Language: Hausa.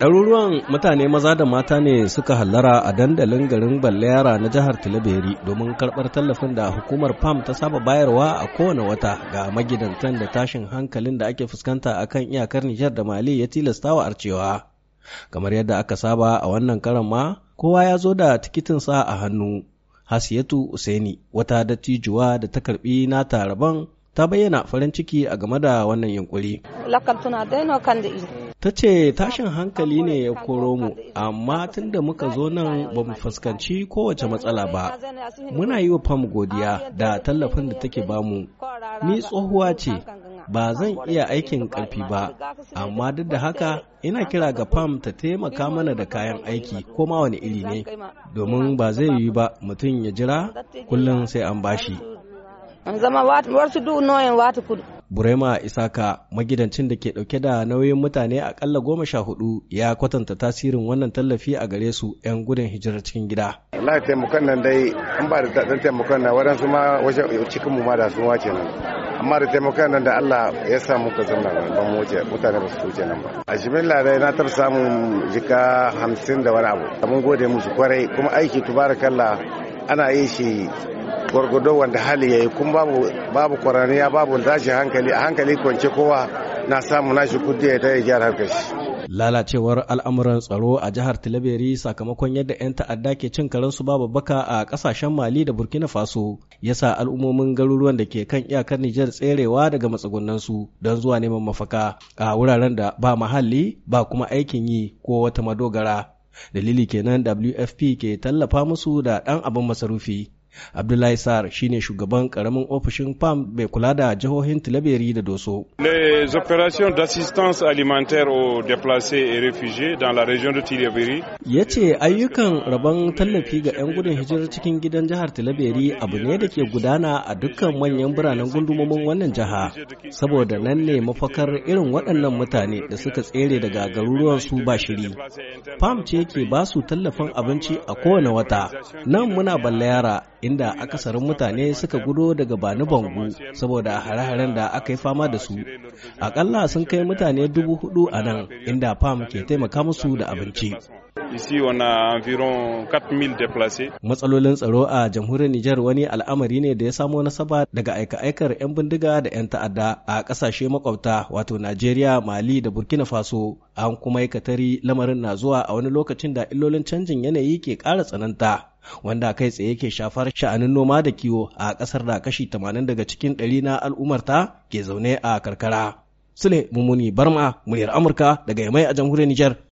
Ɗaruruwan mutane maza da mata ne suka hallara a dandalin garin Balleyara na jihar Tilaberi domin karɓar tallafin da hukumar PAM ta saba bayarwa a kowane wata ga magidantan da tashin hankalin da ake fuskanta a kan iyakar Nijar da Mali ya tilastawa arcewa. Kamar yadda aka saba a wannan karan ma, kowa ya zo da tikitinsa a hannu. Hasiyatu Useni, wata dattijuwa da ta karɓi nata ta bayyana farin ciki a game da wannan yunkuri. Ta ce tashin hankali ne ya koro mu, amma tun da muka zo nan ba mu fuskanci kowace matsala ba. Muna yi wa fam godiya da tallafin da take bamu. Ni tsohuwa ce, ba zan iya aikin ƙarfi ba, amma duk da haka ina kira ga fam ta taimaka mana da kayan aiki ko ma wani iri ne, domin ba zai yi ba mutum ya jira kullum sai an bashi. An zama wasu duk noyan wata kudu. Burema Isaka magidancin da ke dauke da nauyin mutane akalla goma sha hudu ya kwatanta tasirin wannan tallafi a gare su 'yan gudun hijirar cikin gida. Allah taimakon nan dai an ba da taɗin taimakon nan waɗansu ma cikin mu ma da sun wace nan. Amma da taimakon nan da Allah ya sa muka zama ba mu wuce mutane ba su wuce nan ba. A jimilla dai na tar samun jika hamsin da wani abu. Mun gode musu kwarai kuma aiki tubarakallah ana yin shi gwargwado wanda hali ya yi kun babu kwaraniya babu tashi hankali a hankali kwance kowa na samu nashi kudi ya yi gyara kashi lalacewar al'amuran tsaro a jihar Tilaberi sakamakon yadda 'yan ta'adda ke cin karensu babu baka a kasashen Mali da Burkina Faso ya sa al'ummomin garuruwan da ke kan iyakar Nijar tserewa daga matsugunansu don zuwa neman mafaka a wuraren da ba mahalli ba kuma aikin yi ko wata madogara. Dalili kenan WFP ke tallafa musu da ɗan abin masarufi. Abdullahi Sar shine shugaban karamin ofishin PAM mai kula da jihohin Tilaberi da Doso. Les opérations d'assistance alimentaire aux déplacés et réfugiés dans la région de Tilaberi. Ya ce ayyukan rabon tallafi ga 'yan gudun hijirar cikin gidan jihar Tilaberi abu ne da ke gudana a dukkan manyan biranen gundumomin wannan jiha. Saboda nan ne mafakar irin waɗannan mutane da suka tsere daga garuruwan su ba shiri. PAM ce ke ba su tallafin abinci a kowane wata. Nan muna balla yara inda akasarin mutane suka gudo daga bani bangu saboda hare-haren da aka yi fama da su akalla sun kai mutane dubu hudu a nan inda fam ke taimaka musu da abinci Ici, on a environ Matsalolin tsaro a jamhuriyar Nijar wani al'amari ne da ya samo nasaba daga aika-aikar 'yan bindiga da 'yan ta'adda a ƙasashe makwabta wato Najeriya, Mali da Burkina Faso. An kuma yi katari lamarin na zuwa a wani lokacin da illolin canjin yanayi ke ƙara tsananta. wanda kai tsaye ke shafar sha'anin noma da kiwo a ƙasar da kashi 80 daga cikin ɗari na al'ummarta ke zaune a karkara. Sule Mummuni Barma, muryar Amurka daga Yamai a jamhuriyar Nijar.